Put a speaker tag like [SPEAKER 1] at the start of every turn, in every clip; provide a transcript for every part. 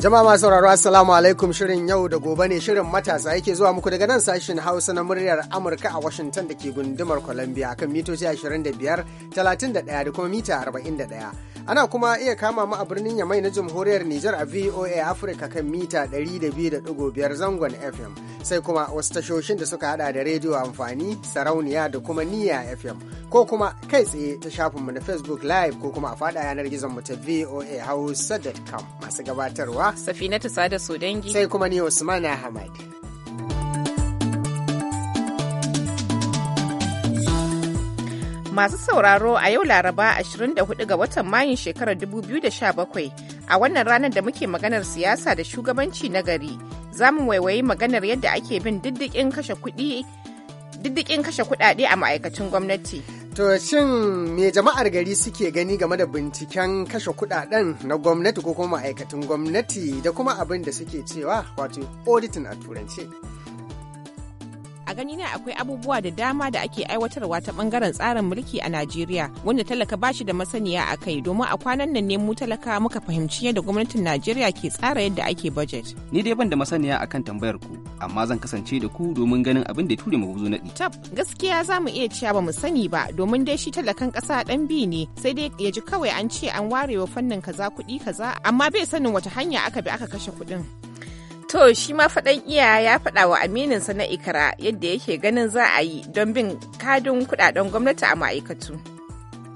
[SPEAKER 1] Jama'a masu sauraro Assalamu alaikum shirin yau da gobe ne shirin matasa yake zuwa muku daga nan sashen Hausa na muryar Amurka a Washington da ke gundumar Columbia akan mitoci 25, 31 da kuma mita 41. Ana kuma iya kama mu a birnin Yamai na Jamhuriyar Nijar a VOA Africa kan mita 200.5 zangon FM. Sai kuma wasu tashoshin da suka hada da rediyo amfani, sarauniya da kuma niya FM. Ko kuma kai tsaye ta shafinmu na Facebook Live ko kuma a fada yanar gizon mu ta VOA Hausa.com masu gabatarwa. Safinatu Sada dangi. Sai kuma ni Usman Ahmad.
[SPEAKER 2] Masu sauraro a yau Laraba 24 ga watan Mayun shekarar 2017 a wannan ranar da muke maganar siyasa da shugabanci na gari za mu waiwayi maganar yadda ake bin diddikin kashe kudade a ma'aikacin gwamnati. To shin
[SPEAKER 1] me jama'ar gari suke gani
[SPEAKER 2] game da binciken kashe kudaden
[SPEAKER 1] na gwamnati ko kuma ma'aikatan gwamnati da kuma abin da suke cewa wato auditing a turance.
[SPEAKER 2] a gani na akwai abubuwa da dama da ake aiwatarwa ta bangaren tsarin mulki a Najeriya wanda talaka ba shi da masaniya a kai domin a kwanan nan ne mu talaka muka fahimci yadda gwamnatin Najeriya ke tsara yadda ake budget.
[SPEAKER 3] Ni dai ban da masaniya akan tambayar ku amma zan kasance da ku domin ganin abin da ture mu na
[SPEAKER 2] Tab gaskiya za mu iya cewa ba mu sani ba domin dai shi talakan ƙasa ɗan bi ne sai dai ya ji kawai an ce an warewa fannin kaza kuɗi kaza amma bai sanin wata hanya aka bi aka kashe kuɗin. To shi ma faɗan iya ya faɗa wa amininsa na ikra yadda yake ganin za a yi don bin kadin kudaden gwamnati a ma'aikatu.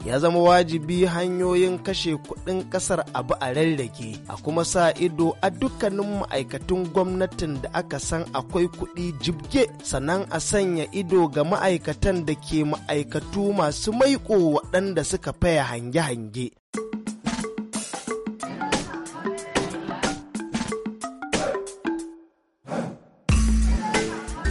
[SPEAKER 4] Ya zama wajibi hanyoyin kashe kuɗin ƙasar abu a rarrake a kuma sa ido a dukkanin ma'aikatun gwamnatin da aka san akwai kuɗi jibge sannan a sanya ido ga ma'aikatan da ke ma'aikatu masu maiƙo waɗanda suka faya hange-hange.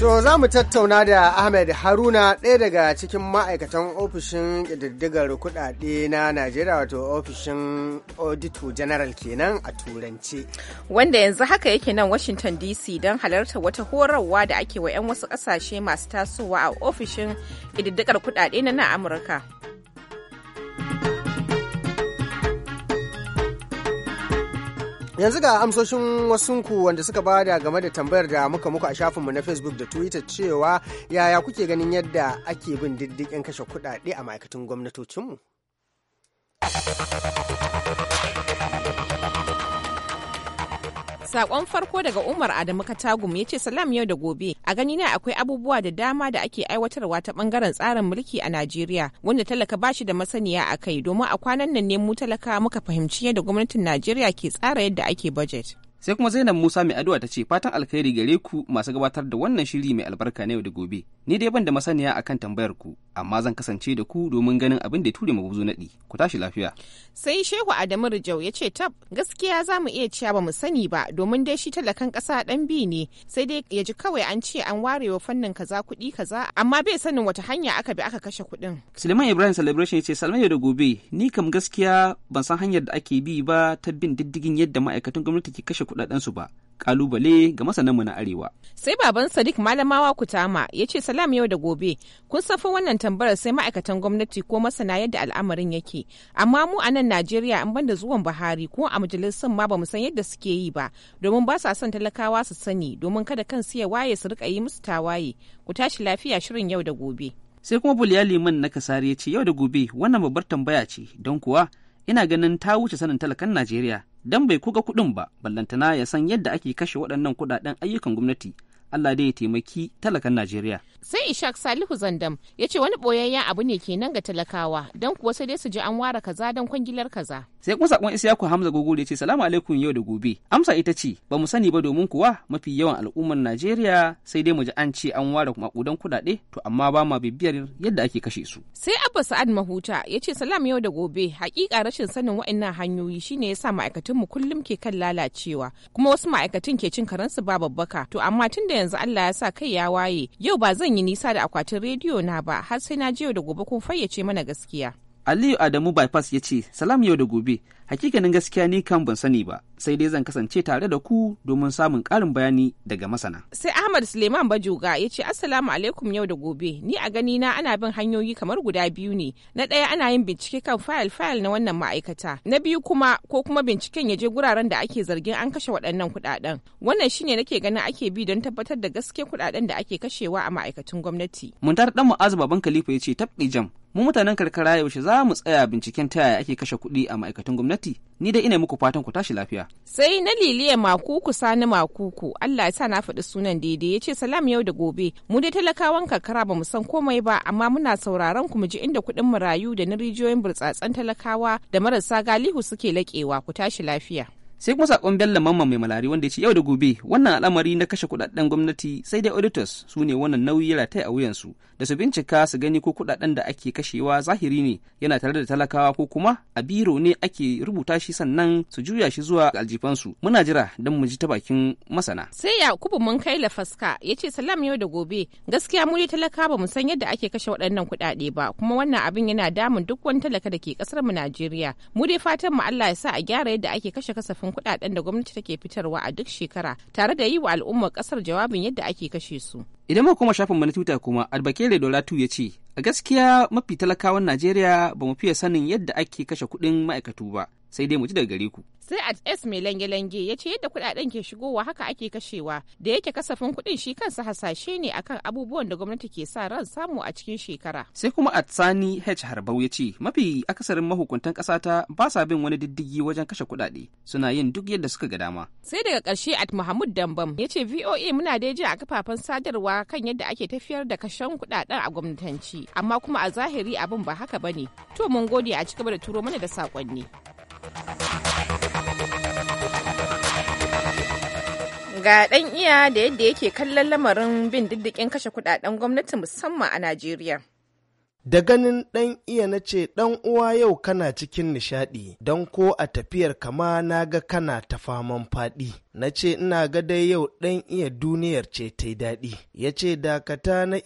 [SPEAKER 1] To za mu tattauna da Ahmed Haruna ɗaya daga cikin ma'aikatan ofishin ƙididdigar kuɗaɗe na Najeriya wato ofishin Auditor General kenan a Turance.
[SPEAKER 2] Wanda yanzu haka yake nan Washington DC don halartar wata horarwa da ake wa 'yan wasu ƙasashe masu tasowa a ofishin ƙididdigar kuɗaɗe na Amurka.
[SPEAKER 1] Yanzu ga amsoshin wasunku wanda suka bada game da tambayar da muka muku a shafinmu na Facebook da Twitter cewa yaya kuke ganin yadda ake bin diddigin kashe kudade a ma'aikatan gwamnatocinmu?
[SPEAKER 2] Sakon farko daga Umar Adamu Katagum ya ce salam yau da gobe. A gani na akwai abubuwa da dama da ake aiwatarwa ta bangaren tsarin mulki a Najeriya wanda talaka ba shi da masaniya a kai domin a kwanan nan ne mu talaka muka fahimci yadda gwamnatin Najeriya ke tsara yadda ake budget.
[SPEAKER 3] Sai kuma Zainab Musa mai addu'a ta ce fatan alkhairi gare ku masu gabatar da wannan shiri mai albarka na yau da gobe. Ni dai ban da masaniya akan tambayar ku, amma zan kasance da ku domin ganin abin da ya ture mabuzo naɗi. Ku tashi lafiya.
[SPEAKER 2] Sai Shehu Adamu Rijau ya ce tab gaskiya za mu iya cewa ba mu sani ba domin dai shi talakan ƙasa ɗan bi ne sai dai ya ji kawai an ce an ware wa fannin kaza kuɗi kaza amma bai sanin wata hanya aka bi aka kashe kuɗin.
[SPEAKER 3] Suleiman Ibrahim Celebration ya ce Salman da gobe ni kam gaskiya ban san hanyar da ake bi ba ta bin diddigin yadda ma'aikatan gwamnati ke kashe kuɗaɗensu ba kalubale ga mu na arewa.
[SPEAKER 2] Sai baban Sadiq Malamawa Kutama ya ce salam yau da gobe kun safa wannan tambayar sai ma'aikatan gwamnati ko masana yadda al'amarin yake amma mu a nan Najeriya an banda zuwan Buhari ko a majalisar ma bamu san yadda suke yi ba domin ba sa son talakawa su sani domin kada su ya waye su rika yi musu tawaye ku tashi lafiya shirin yau da gobe. Sai kuma Buliya Liman
[SPEAKER 3] na Kasari ya ce yau da gobe wannan babbar tambaya ce don kuwa ina ganin ta wuce sanin talakan Najeriya dan bai kuga kuɗin ba ballantana ya san yadda ake kashe waɗannan kuɗaɗen ayyukan gwamnati Allah dai ya taimaki talakan Najeriya
[SPEAKER 2] sai ishak salihu zandam ya ce wani boyayyen abu ne ke nan ga talakawa don kuwa sai dai su ji an ware kaza don kwangilar kaza
[SPEAKER 3] sai kuma sakon isiyaku hamza gogo ya ce salamu alaikum yau da gobe amsa ita ce ba mu sani ba domin kuwa mafi yawan al'ummar najeriya sai dai mu ji an ce an ware makudan kuɗaɗe to amma ba ma bibiyar yadda ake kashe su
[SPEAKER 2] sai abba sa'ad mahuta ya ce salam yau da gobe hakika rashin sanin wa'annan hanyoyi shine yasa ma'aikatan mu kullum ke kan lalacewa kuma wasu ma'aikatan ke cin karansu ba babbaka to amma tun da yanzu Allah ya sa kai ya waye yau ba zan ban yi nisa da akwatin rediyo na ba har sai na jiyo da gobe kun fayyace mana gaskiya.
[SPEAKER 3] Aliyu Adamu Bypass ya ce, Salam yau da gobe, hakikanin gaskiya ni kan ban sani ba, sai dai zan kasance tare da ku domin samun ƙarin bayani daga masana.
[SPEAKER 2] Sai Ahmad Suleiman Bajoga ya ce, Assalamu alaikum yau da gobe, ni a gani na ana bin hanyoyi kamar guda biyu ne. Na ɗaya ana yin bincike kan fayil-fayil na wannan ma'aikata. Na biyu kuma ko kuma binciken ya je guraren da ake zargin an kashe waɗannan kuɗaɗen. Wannan shine nake ganin ake bi don tabbatar da gaske kuɗaɗen da ake kashewa a ma'aikatun gwamnati.
[SPEAKER 3] Muntar ɗan Mu'azu Baban Khalifa ya ce, Tabɗi jam, mu mutanen karkara yaushe za mu tsaya binciken ta yaya ake kashe kuɗi a ma'aikatan gwamnati ni dai ina muku fatan ku tashi lafiya
[SPEAKER 2] sai na liliya makuku sani makuku Allah ya sa na faɗi sunan daidai ya ce salam yau da gobe mu dai talakawan karkara ba mu san komai ba amma muna sauraron ku mu ji inda kuɗin marayu da na rijiyoyin burtsatsen talakawa da marasa galihu suke laƙewa ku tashi lafiya
[SPEAKER 3] sai kuma sakon bello mamman mai malari wanda ya ce yau da gobe wannan al'amari na kashe kudaden gwamnati sai dai auditors su ne wannan nauyi ya ratai a wuyansu da su bincika su gani ko kudaden da ake kashewa zahiri ne yana tare da talakawa ko kuma a biro ne ake rubuta shi sannan su juya shi zuwa aljifansu muna jira don mu ji ta bakin masana
[SPEAKER 2] sai yakubu mun kai lafaska ya ce salam yau da gobe gaskiya mu talaka ba mu san yadda ake kashe waɗannan kuɗaɗe ba kuma wannan abin yana damun duk wani talaka da ke ƙasar mu Najeriya mu dai fatan mu Allah ya sa a gyara yadda ake kashe kasafin kudaden da gwamnati take fitarwa a duk shekara tare da yi wa al'ummar kasar jawabin yadda ake kashe su.
[SPEAKER 3] Idan muka kuma shafin na Twitter kuma Albakere Dolatu ya ce, a gaskiya mafi talakawan Najeriya ba mu fiye sanin yadda ake kashe kuɗin ma'aikatu ba. sai dai mu ji daga gare
[SPEAKER 2] ku. Sai at S mai lange-lange ya ce yadda kuɗaɗen ke shigowa haka ake kashewa da yake kasafin kuɗin shi kansa hasashe ne akan abubuwan da gwamnati ke sa ran samu a cikin shekara. Sai kuma at
[SPEAKER 3] Sani H Harbau ya ce mafi akasarin mahukuntan ƙasa ta ba sa bin wani diddigi wajen kashe kuɗaɗe suna yin duk yadda suka ga dama.
[SPEAKER 2] Sai daga ƙarshe at Muhammad Dambam ya ce VOA muna dai ji a kafafen sadarwa kan yadda ake tafiyar da kashen kuɗaɗen a gwamnatanci amma kuma a zahiri abin ba haka bane. To mun gode a cigaba da turo mana da saƙonni. ga ɗan iya da yadda yake kallon lamarin bin diddikin kashe kudaden gwamnati musamman a Najeriya.
[SPEAKER 4] Da ganin ɗan iya na ce ɗan uwa yau kana cikin nishaɗi don ko a tafiyar kama na ga kana ta faman faɗi. na ce ina ga dai yau ɗan iya duniyar ce ta yi daɗi ya ce dakata na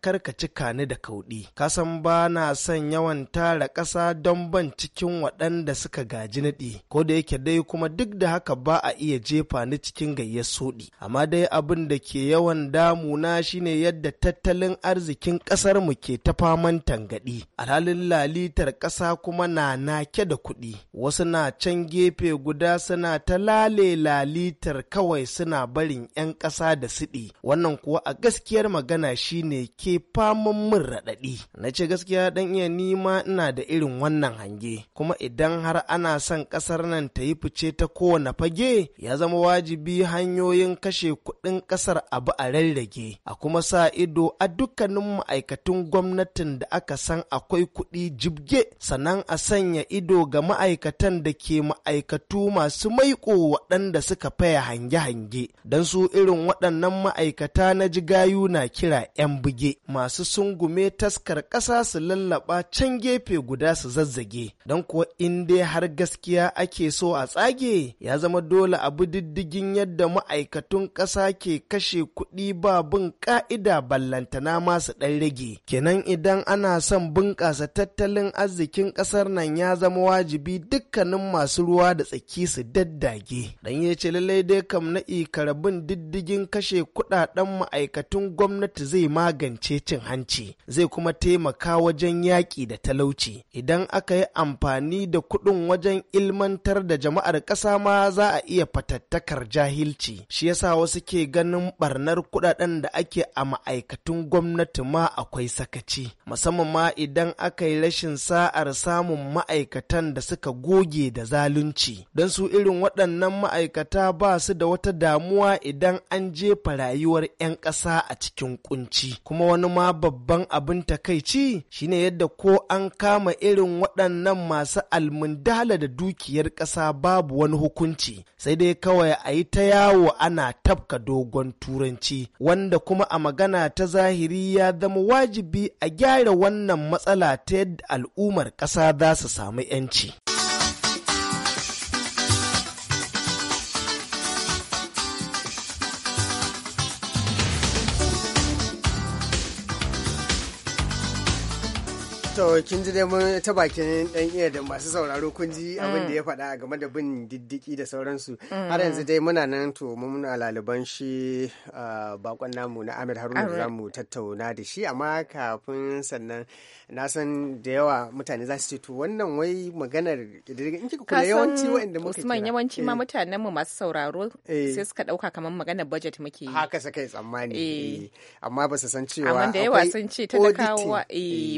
[SPEAKER 4] kar ka cika ni da kauɗi kasan ba na son yawan tara ƙasa don ban cikin waɗanda suka gaji naɗi ko da yake dai kuma duk da haka ba a iya jefa ni cikin gayyar soɗi amma dai abin da ke yawan damuna shine yadda tattalin arzikin ƙasar mu ke ta faman tangaɗi alhalin lalitar ƙasa kuma na nake da kuɗi wasu na can gefe guda suna ta lale lali litar kawai suna barin 'yan ƙasa da siɗi wannan kuwa a gaskiyar magana shine ke faman min raɗaɗi na ce gaskiya dan iya nima ina da irin wannan hange kuma idan har ana son ƙasar nan ta yi fice ta kowane fage ya zama wajibi hanyoyin kashe kuɗin ƙasar abu a rarrage a kuma sa ido a dukkanin ma'aikatun gwamnatin da aka san akwai kuɗi jibge sannan a sanya ido ga ma'aikatan da ke ma'aikatu masu maiƙo waɗanda suka faya hange-hange don su irin waɗannan ma'aikata na jigayu na kira 'yan buge masu sungume taskar ƙasa su lallaba can gefe guda su zazzage don kuwa in dai har gaskiya ake so a tsage ya zama dole abu diddigin yadda ma'aikatun ƙasa ke kashe kuɗi ba bin ƙa'ida ballantana masu ɗan rage kenan idan ana son bunƙasa tattalin arzikin ƙasar nan ya zama wajibi dukkanin masu ruwa da tsaki su daddage dan ya ce lallai dai kam na ikarabin diddigin kashe kudaden ma'aikatun gwamnati zai magance cin hanci zai kuma taimaka wajen yaƙi da talauci idan aka yi amfani da kuɗin wajen ilmantar da jama'ar ƙasa ma za a iya fatattakar jahilci shi yasa wasu ke ganin barnar kudaden da ake a ma'aikatun gwamnati ma akwai sakaci musamman ma idan aka yi rashin sa'ar samun ma'aikatan da suka goge da zalunci don su irin waɗannan ma'aikata ba su da wata damuwa idan an jefa rayuwar 'yan ƙasa a cikin kunci kuma wani ma babban abin takaici shine yadda ko an kama irin waɗannan masu almundala da dukiyar ƙasa babu wani hukunci sai dai kawai a yi ta yawo ana tafka dogon turanci wanda kuma a magana ta zahiri ya zama wajibi a gyara wannan matsala ta yadda al'ummar ƙasa za su samu 'yanci.
[SPEAKER 1] To kin ji dai mun ta bakin dan iya da masu sauraro kun ji mm. abin da ya faɗa game da bin diddiki da sauransu. Mm. Har yanzu dai muna nan to mun laliban shi bakon namu na Amir Haruna da zamu tattauna da shi amma kafin sannan na san da yawa mutane za su ce to wannan wai maganar in kika kula yawanci waɗanda muka kira
[SPEAKER 2] yawanci ma eh. mutanen mu masu sauraro eh. sai suka dauka kamar maganar budget muke yi. Haka sakai tsammani. Eh. Amma ba su san cewa Amma da yawa sun ce talakawa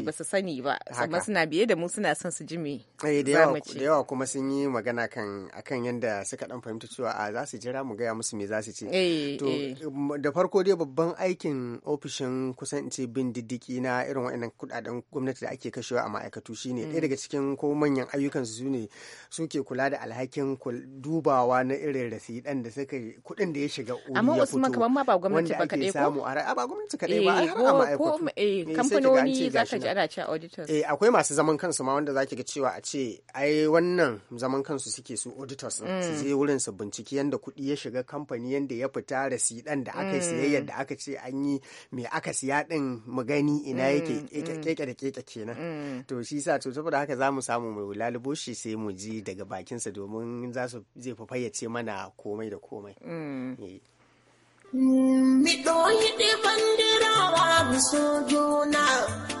[SPEAKER 2] ba su sani ba. ba amma suna biye da mu suna son su ji me eh, da
[SPEAKER 1] yawa kuma sun yi magana kan akan yadda suka dan fahimta cewa a za su jira mu gaya musu me za su ce eh, to eh. Um, da farko dai babban aikin ofishin kusan ce bin diddiki na irin waɗannan kudaden gwamnati da ake kashewa a ma'aikatu shine ɗaya mm. daga cikin ko manyan ayyukan su ne suke kula da alhakin dubawa na irin rasidan da suka kuɗin da ya shiga amma usman kamar ma ba gwamnati ba kaɗai ko a ba gwamnati kaɗai ba har a ma'aikatu kamfanoni za ka ji
[SPEAKER 2] ana cewa auditor auditors eh
[SPEAKER 1] akwai masu zaman kansu ma wanda zaki ga cewa a ce ai wannan zaman kansu suke su auditors su mm. je wurin su binciki yanda kuɗi ya shiga kamfani yanda ya fita da rasidan da aka yi mm. sayayya da aka ce an yi me aka siya din mu gani ina mm, yake keke da keke kenan to shi sa to saboda haka zamu samu mu lalubo shi sai mu ji daga bakinsa domin za su zai fa fayyace mana komai da komai eh.
[SPEAKER 5] mi doyi yi bandirawa mi biso juna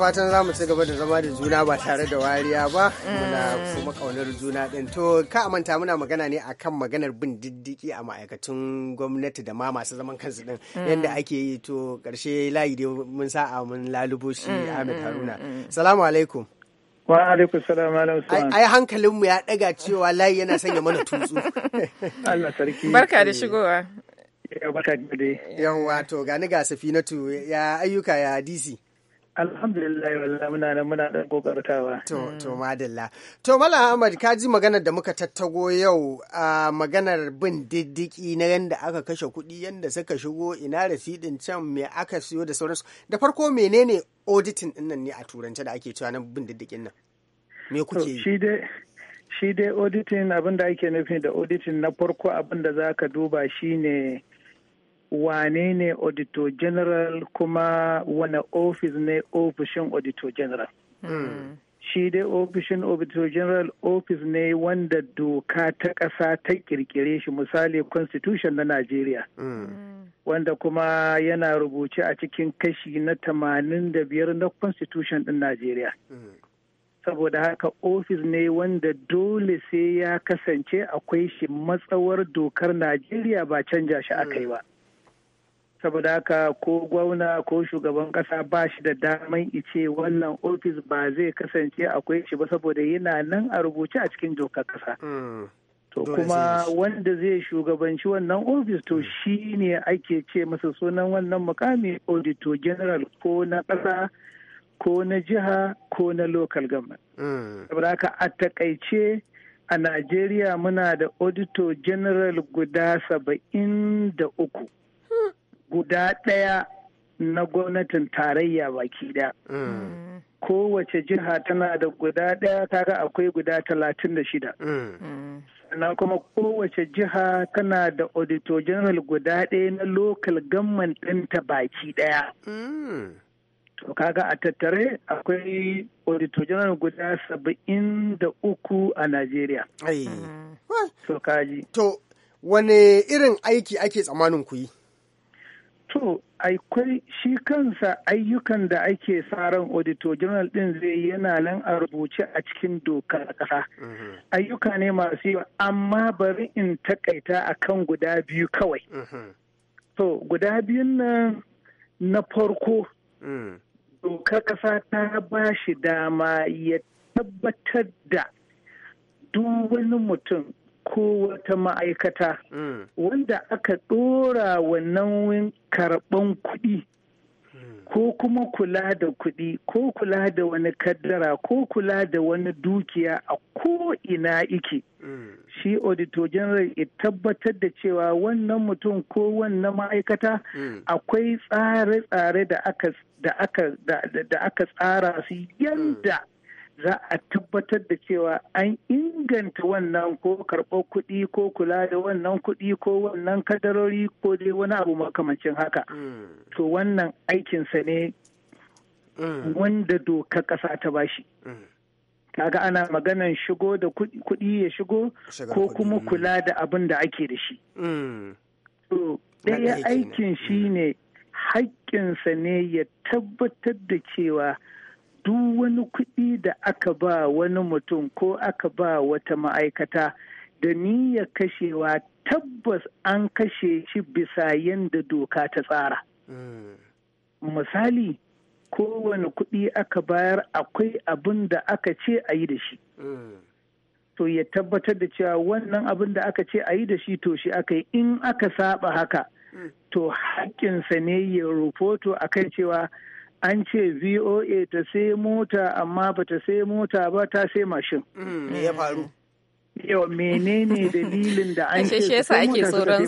[SPEAKER 1] fatan za mu ci gaba da zama da juna ba tare da wariya ba muna kuma kaunar juna din to ka manta muna magana ne akan maganar bin diddiki a ma'aikatun gwamnati da ma masu zaman kansu din mm. yadda ake yi to karshe layi dai mun sa'a mun lalubo shi mm, Ahmed mm, Haruna salamu alaikum wa alaikum salam malam usman ai hankalinmu ya daga cewa layi yana sanya mana tutsu Allah sarki barka da shigowa eh, yawa to gani ga safinatu ya ayyuka ya DC Alhamdulillah wallahi muna nan muna ɗan To to madalla. To Ahmad ka ji maganar da muka tattago yau a maganar bin diddiki na yadda aka kashe kuɗi yadda suka shigo ina rasidin can me aka siyo da sauransu. Da farko menene auditing din nan ne a turance da ake cewa na bin diddikin nan?
[SPEAKER 6] Me kuke yi? Shi dai abin da ake nufi da auditing na farko abin da za ka duba shine wane ne auditor general kuma wane ofis ne ofishin auditor general hmm. shi dai ofishin auditor general ofis ne wanda doka ta ƙasa ta kirkire shi misali constitution na najeriya hmm. wanda kuma yana rubuce a cikin kashi na tamanin da biyar na constitution ɗin najeriya hmm. saboda haka ofis ne wanda dole sai ya kasance akwai shi matsawar dokar najeriya ba canja shi aka yi ba saboda haka ko gwamna ko shugaban kasa ba shi da daman ice wannan ofis ba zai kasance akwai shi ba saboda yana nan a rubuce a cikin dokar kasa
[SPEAKER 7] hmm. to kuma
[SPEAKER 6] wanda zai shugabanci wannan ofis to hmm. shi ne ake ce masa sunan wannan mukami auditor general ko na kasa ko na jiha ko na local government hmm. saboda haka a takaice a najeriya muna da auditor general guda saba'in da uku guda ɗaya na gwamnatin tarayya baki ɗaya.
[SPEAKER 7] Mm.
[SPEAKER 6] Kowace jiha tana da guda ɗaya kaga akwai guda talatin da shida.
[SPEAKER 7] Mm.
[SPEAKER 6] Na kuma kowace jiha tana da auditor general guda ɗaya na local government ɗinta baki ɗaya. Mm. To kaga a tattare akwai auditor general guda saba'in da uku a Najeriya. To kaji. To wane irin aiki ake tsammanin ku yi? To, akwai shi kansa ayyukan da ake tsaron auditor general din zai yana nan a rubuce a cikin dokar kasa mm-hmm. Ayyuka ne masu yawa, amma bari in takaita a kan guda biyu kawai. Mm-hmm. To, guda biyun nan na farko, mm. dokar kasa ta ba shi dama ya tabbatar da duk wani mutum ko wata ma'aikata mm. wanda aka ɗora wa nauyin karɓan kuɗi mm. ko kuma kula da kuɗi ko kula da wani kaddara ko kula da wani dukiya a ko'ina ike mm. shi auditor general ya tabbatar da cewa wannan mutum ko wannan ma'aikata akwai tsare-tsare da aka tsara su yadda. za a tabbatar da cewa an inganta wannan ko karɓar kuɗi ko kula da wannan kuɗi ko wannan kadarori ko dai wani abu makamancin haka mm. to wannan aikinsa ne mm. wanda doka ƙasa ta bashi mm. kaga ana maganan shigo da kuɗi ya shigo ko kuma kula da abin da ake da shi to ɗaya aikin shi ne haƙƙinsa ne ya tabbatar da cewa duk wani kuɗi da aka ba wani mutum ko aka ba wata ma'aikata da niyyar kashewa tabbas an kashe shi bisa yadda doka ta tsara. Misali, kowane kuɗi aka bayar akwai abin da aka ce a yi da shi. To ya tabbatar da cewa wannan abin da aka ce a yi da shi to shi aka yi in aka saba haka, to haƙƙinsa ne ya rufoto akan cewa an ce voa ta sai mota amma ba ta sai mota ba ta sai mashin mm, me ya faru yau menene dalilin da an ce shi eh. ake tsoron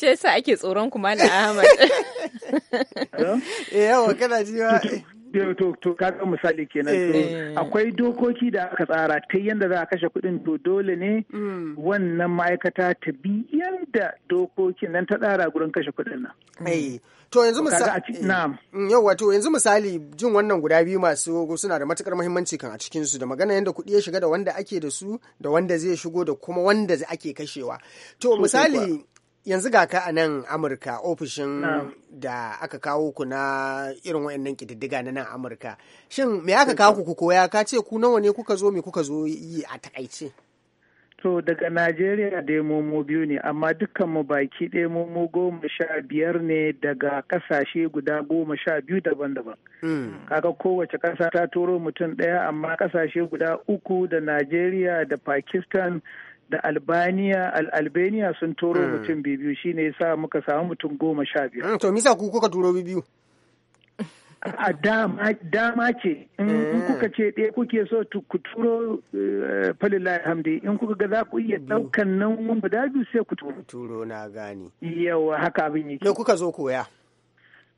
[SPEAKER 2] su shi ake tsoron kuma da ahmad
[SPEAKER 6] eh, yawa kana ji to to kaga misali kenan eh. akwai dokoki da aka tsara ta yadda za a kashe kuɗin to dole ne mm. wannan ma'aikata ta bi yadda dokokin nan ta tsara gurin kashe kuɗin nan eh. to yanzu misali mm, yau wato
[SPEAKER 1] yanzu misali jin wannan guda biyu masu suna da matukar muhimmanci kan a cikin su da magana yadda kuɗi ya shiga da wanda ake da su da wanda zai shigo da kuma wanda ake kashewa to misali yanzu ga ka a nan amurka ofishin da aka kawo ku na irin waɗannan kididdiga na nan amurka shin me aka kawo ku koya ka ce ku nawa ne kuka zo me kuka zo
[SPEAKER 6] yi a takaice to daga najeriya dai momo biyu ne amma dukkan mu baki ɗaya goma sha biyar ne daga kasashe guda goma sha biyu daban-daban hmm. kaga kowace kasa ta turo mutum daya amma kasashe guda uku da najeriya da pakistan da albania albania sun toro hmm. mutum biyu ne sa muka samu mutum goma sha biyu. Hmm, to misa ku kuka turo biyu a dama ce in hmm. kuka ce ɗaya kuke so ku turo eh, falin hamdi in kuka ga za ku iya ɗaukan nan guda biyu sai ku turo turo na gane yawa haka abin yake me kuka zo koya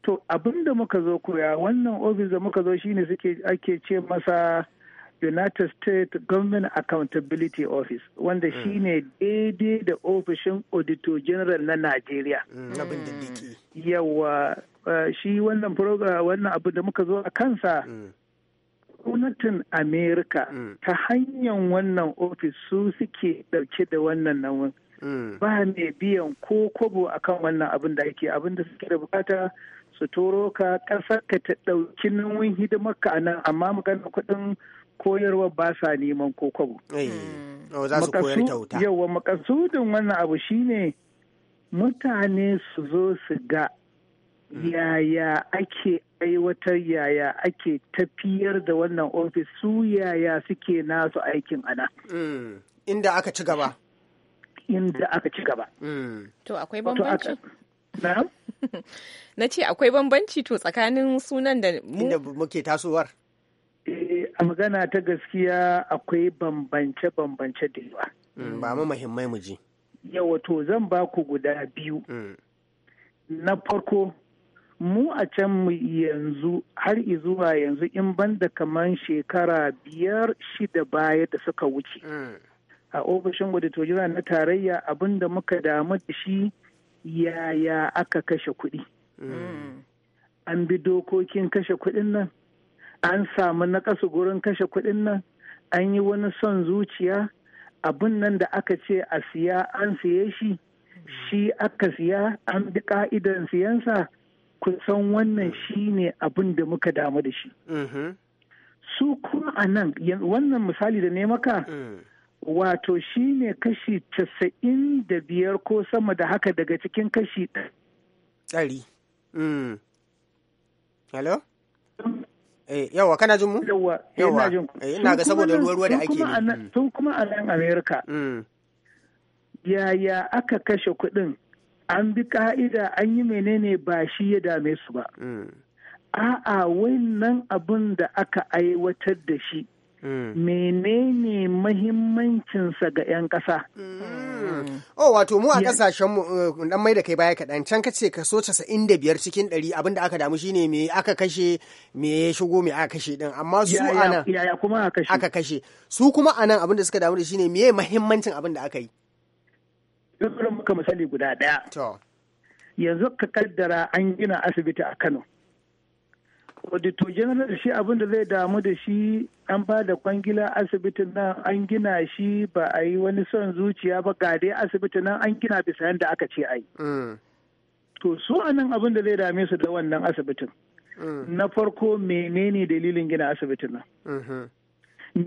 [SPEAKER 6] to abin da muka zo koya wannan ofis da muka zo shine suke ake ce masa United States Government Accountability Office wanda mm. shi ne daidai da ofishin Auditor General na Najeriya. Mm, Yawa eh, shi wannan program wannan abu da muka zo a kansa mm. gwamnatin Amerika ta hanyar wannan ofis su suke ɗauke da wannan nauyin. Ba mai biyan ko kobo akan wannan abin da ake abin da suke da bukata su toro ka ƙasar ka ta ɗauki nauyin hidimarka a nan amma magana kuɗin koyarwar ba sa neman ko kwabo. Eh, hmm.
[SPEAKER 7] oh,
[SPEAKER 6] yauwa makasudin wannan abu shine mutane su zo su ga hmm. yaya ake aiwatar yaya ake tafiyar da wannan ofis su yaya suke nasu aikin ana. Hmm. Inda aka
[SPEAKER 1] ci gaba.
[SPEAKER 2] Inda aka ci gaba. To akwai bambanci? Na ce akwai bambanci to tsakanin sunan da mu. Inda muke tasowar.
[SPEAKER 6] a magana ta gaskiya akwai bambance-bambance da yawa. Mm, ba mu muhimmai mu ji. Yawa to zan ba ku guda biyu. Mm. Na farko, mu a can mu yanzu har zuwa yanzu in banda kamar shekara biyar shida baya da suka wuce. Mm. A ofishin gudatojira na tarayya abin da muka damu da shi yaya aka kashe kuɗi. An bi dokokin kashe kuɗin nan. an samu nakasu gurin kashe kuɗin nan an yi wani son zuciya abin nan da aka ce a siya an siye shi shi aka siya an bi ka'idan siyansa kusan wannan mm. shi ne abin da muka damu da shi mm-hmm. su kuma a nan wannan misali da ne maka mm. wato shi ne kashi casa'in da biyar ko sama da haka daga cikin kashi
[SPEAKER 1] ɗari. Mm. Eh, yawa kana jin mu? Yawa, eh, ina jin ku. Eh, ga saboda ruwa da ake ne.
[SPEAKER 6] Mm. Tun kuma a nan Amerika. Mm. Yaya aka kashe kuɗin? An bi ka'ida an yi menene ba shi ya dame su ba. Mm. A'a wannan abun da aka aiwatar da shi. menene mahimmancinsa ga 'yan ƙasa. Mm. oh wato mu a kasashen eh,
[SPEAKER 1] mu dan mai da kai baya kaɗan can kace kaso 95 cikin 100 abin da aka damu shine me aka kashe me ya shigo me aka kashe din amma su anan yaya kuma aka kashe su kuma anan abin da suka damu da shine me muhimmancin abin da aka yi duk muka misali guda daya
[SPEAKER 6] to yanzu ka kaddara an gina asibiti a Kano auditor general shi abin da zai damu da shi an ba da kwangila asibitin nan an gina shi ba a yi wani son zuciya ba ga dai asibitin nan an gina bisa yadda aka ce ai mm. to su anan abin da zai dame su da wannan asibitin mm. na farko menene dalilin gina asibitin nan mm-hmm.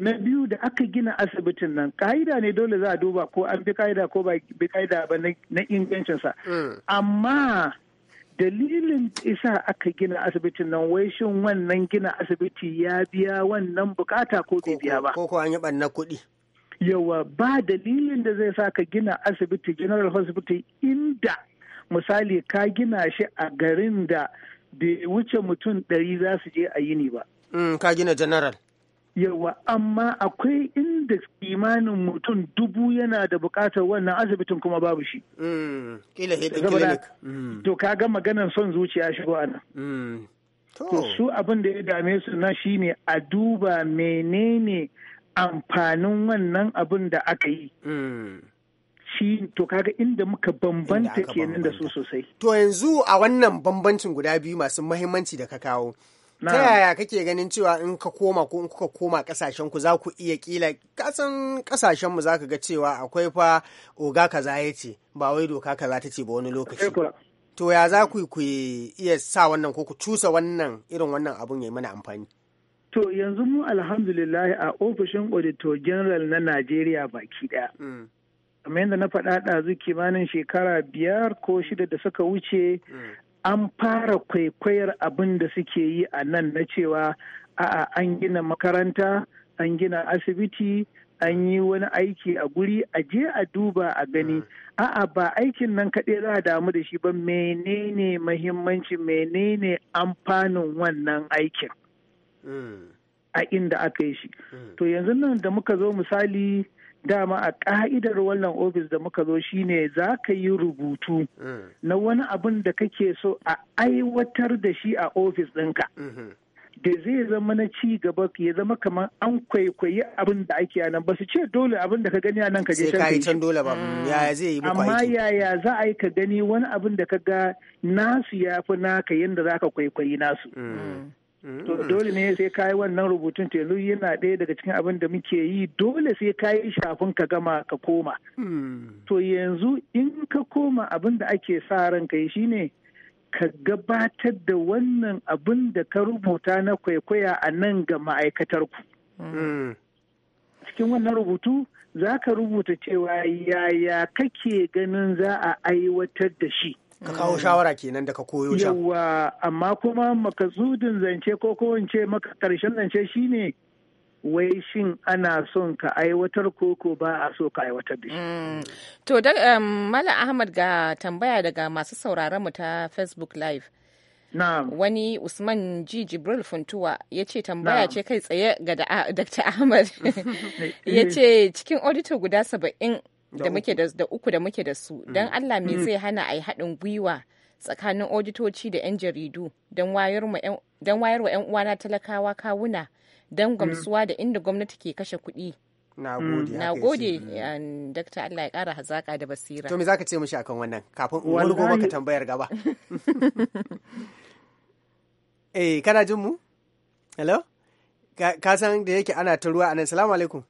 [SPEAKER 6] na biyu da aka gina asibitin nan ka'ida ne dole za a duba ko an bi ka'ida ko ba bi ka'ida ba na ingancinsa mm. amma dalilin isa aka gina asibitin nan wai shin wannan gina asibiti ya biya wannan bukata
[SPEAKER 1] ko bai biya ba ko an yi ɓanna kuɗi
[SPEAKER 6] yawa ba dalilin da zai sa ka gina asibiti general hospital inda misali ka gina shi a garin da bai wuce mutum ɗari za su je a yini ba.
[SPEAKER 1] Mm, ka gina general.
[SPEAKER 6] yawa amma akwai inda kimanin mutum dubu yana da bukatar wannan asibitin kuma babu shi
[SPEAKER 1] mm,
[SPEAKER 7] mm.
[SPEAKER 6] to kaga maganan son zuciya shigo a nan mm. to su abin da ya dame su na shi ne a duba menene amfanin wannan abin da aka yi shi to kaga inda muka bambanta kenan da
[SPEAKER 1] su sosai to yanzu a wannan bambancin guda biyu masu mahimmanci da ka kawo ta yaya kake ganin cewa in ka koma ko in kuka koma kasashen ku za ku iya kila kasan kasashen mu za ka ga cewa akwai fa oga kaza ya ce ba wai doka kaza ta ce ba wani lokaci eh, to ya za ku iya sa wannan ko ku cusa wannan irin wannan
[SPEAKER 6] abun yi mana amfani to yanzu mu alhamdulillah a ofishin auditor general na Najeriya baki daya mm. kamar yadda na faɗa ɗazu kimanin shekara biyar ko shida da suka wuce mm. an fara kwaikwayar abin da suke yi a nan na cewa a'a an gina makaranta an gina asibiti an yi wani aiki a guri a je a duba a gani hmm. a'a ba aikin nan kaɗai za a damu da shi ba menene mahimmanci menene amfanin wannan aikin hmm. a inda aka yi shi hmm. to yanzu nan da muka zo misali dama a ka'idar wannan ofis da muka zo shine za ka yi rubutu mm. na wani abin da kake so a aiwatar da shi a ofis ɗinka. Mm-hmm. da zai zama na ci gaba ya zama kamar an kwaikwayi abin da ake a nan ba su ce dole abin da ka gani a nan ka je can can dole ba mm. Mm. yaya zai yi amma yaya za a yi ka gani wani abin da ka ga nasu ya fi naka yadda za ka kwaikwayi nasu
[SPEAKER 7] to mm. dole
[SPEAKER 6] ne sai ka yi wannan rubutun telu yana ɗaya daga cikin abin da muke yi dole sai ka yi shafin ka gama ka koma
[SPEAKER 7] mm.
[SPEAKER 6] to yanzu in ka koma abin da ake sa ran ka shine ka gabatar da wannan abin da ka rubuta na kwaikwaya a nan ga ma'aikatar ku mm. cikin wannan rubutu za ka rubuta cewa yaya kake ganin za a aiwatar da shi ka kawo shawara
[SPEAKER 1] kenan da ka koyo shan
[SPEAKER 6] yawa amma kuma makasudin zance ko ko maka karshen zance shine wai shin ana son ka aiwatar ko ba a so ka aiwatar da shi. Mm.
[SPEAKER 2] To, um, Mala Ahmad ga tambaya daga masu sauraron mu ta Facebook Live. Na'am. Wani Usman G. Jibril Funtuwa ya ce tambaya ce kai tsaye ga Dr. Ahmad.
[SPEAKER 7] ya
[SPEAKER 2] ce cikin auditor guda saba'in da muke da uku da muke da su don mm. allah me mm. zai hana a yi haɗin gwiwa tsakanin auditoci da 'yan jaridu don wayar wa 'yan uwana talakawa kawuna don mm. gamsuwa da inda gwamnati ke kashe kuɗi na gode na um, dakta Allah ya kara hazaka da basira to me zaka
[SPEAKER 1] ce mishi akan wannan kafin wani goma ka tambayar gaba eh kana jin mu hello ka san da yake ana ta ruwa anan salamu alaikum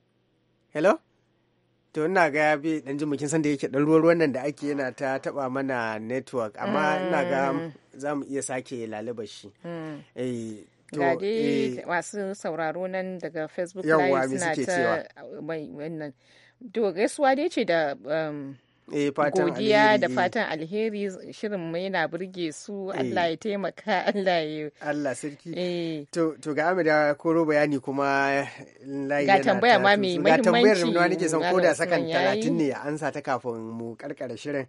[SPEAKER 1] hello to ina ga ya bi dan jin mukin san da yake dan ruwan nan da ake yana ta taba mana network amma ina ga mm. za mu iya sake lalaba shi mm. eh
[SPEAKER 2] ga dai eh. masu sauraro nan daga facebook live suna ta wannan to gaisuwa dai ce da um, Eh, godiya da fatan alheri shirin mu yana burge su eh. Allah ya taimaka Allah ya Allah sarki eh.
[SPEAKER 1] to ga Amida koro bayani kuma layi ga tambaya ma mai muhimmanci ga tambayar mu nake son koda sakan 30 ne ya ansa ta kafin mu karkara shirin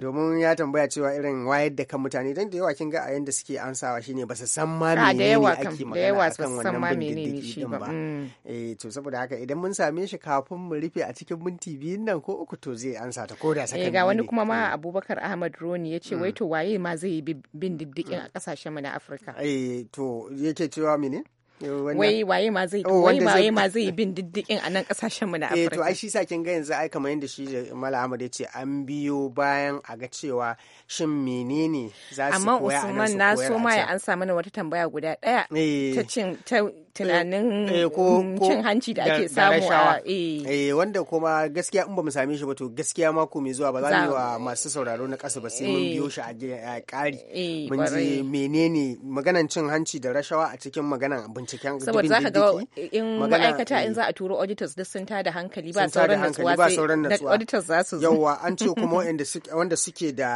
[SPEAKER 1] domin ya tambaya cewa irin wayar da kan mutane dan da yawa kin ga a yanda suke ansawa shine ba su san
[SPEAKER 6] ma ne
[SPEAKER 1] ake magana kan wannan bindiddi ba mm. eh to saboda haka idan mun same shi kafin mu rufe a cikin minti biyun nan ko uku to zai ansa ta ko koda eh, sakan ga wani kuma ma
[SPEAKER 2] eh. Abubakar Ahmad Roni ya ce mm. wai to waye ma zai yi bin diddikin mm. a kasashen mu na Afirka
[SPEAKER 1] eh to yake cewa mene wai
[SPEAKER 2] waye ma zai oh, wai waye ma zai bin diddigin a nan kasashen mu na Afirka eh to ai shi
[SPEAKER 1] sa kin ga yanzu ai kamar yanda shi Mala Ahmad yace an biyo bayan a ga cewa shin menene za su koya amma Usman na so ma ya
[SPEAKER 2] ansa mana wata tambaya guda daya eh. ta cin ta tunanin eh, eh, mm, cin hanci da ake samu a eh
[SPEAKER 1] wanda kuma gaskiya in ba mu same shi ba to gaskiya mako mai zuwa ba za mu yi wa masu sauraro na kasa ba sai mun biyo shi a ƙari mun ji menene maganan cin hanci da rashawa a cikin maganan abinci binciken saboda za ka ga in ma'aikata in
[SPEAKER 2] za a turo auditors duk sun tada hankali ba sauran natsuwa ba sauran natsuwa auditors
[SPEAKER 1] za su yawa an ce kuma wanda suke da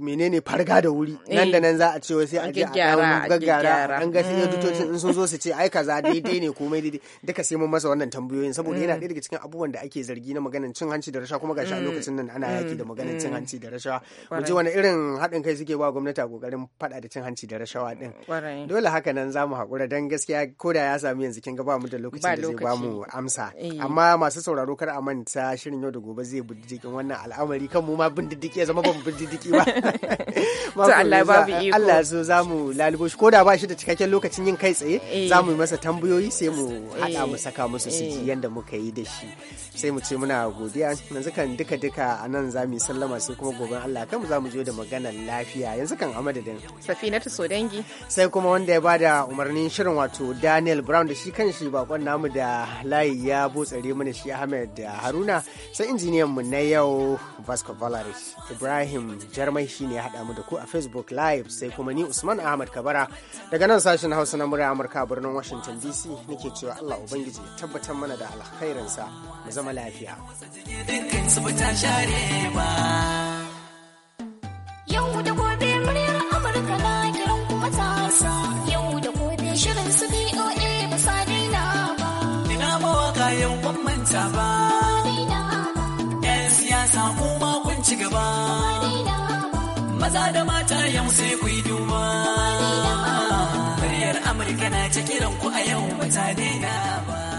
[SPEAKER 1] menene farga da wuri nan da eh. nan za a ce wai sai a je a gaggara an ga sai mm. auditors in sun zo su ce ai kaza daidai ne komai daidai duka sai mun masa wannan tambayoyin saboda yana daidai mm. daga cikin abubuwan da ake zargi na maganar cin hanci da rashawa kuma gashi a mm. lokacin nan ana yaki da maganar cin hanci da rashawa
[SPEAKER 6] mu ji wani irin
[SPEAKER 1] haɗin kai suke ba gwamnati a kokarin faɗa da cin hanci da rashawa din dole haka nan za mu haƙura dan gaskiya gaskiya ko da ya sami yanzu kin ga ba mu da lokacin da zai ba mu amsa eh. amma masu sauraro kar a manta shirin yau da gobe zai bi wannan al'amari kan mu ma bin ya zama ba mu bin ba to Allah bi iko Allah zo za mu lalubo shi ko da ba shi da cikakken lokacin yin kai tsaye eh. za mu yi masa tambayoyi sai mu haɗa mu eh. saka musu su ji yanda muka yi da shi sai mu ce muna godiya yanzu kan duka duka a nan za mu yi sallama sai kuma goben Allah kan mu za mu je da maganar lafiya yanzu kan amadadin
[SPEAKER 2] safinatu sodangi
[SPEAKER 1] sai kuma wanda ya bada umarnin shirin wato wato Daniel Brown da shi kan shi bakon namu da layi ya botsare mana shi Ahmed da Haruna sai injiniyan mu na yau Vasco Valaris Ibrahim Jarmai shi ne ya haɗa mu da ku a Facebook Live sai kuma ni Usman Ahmad Kabara daga nan sashen Hausa na murya Amurka birnin Washington DC nake cewa Allah Ubangiji ya tabbatar mana da alkhairinsa mu zama lafiya.
[SPEAKER 5] Yau da gobe murya manta ba. ‘Yan siyasa kuma kun ci gaba. Maza da mata yau sai ku yi duba. Muryar Amurka na ta kiran ku a yau mutane na
[SPEAKER 7] ba.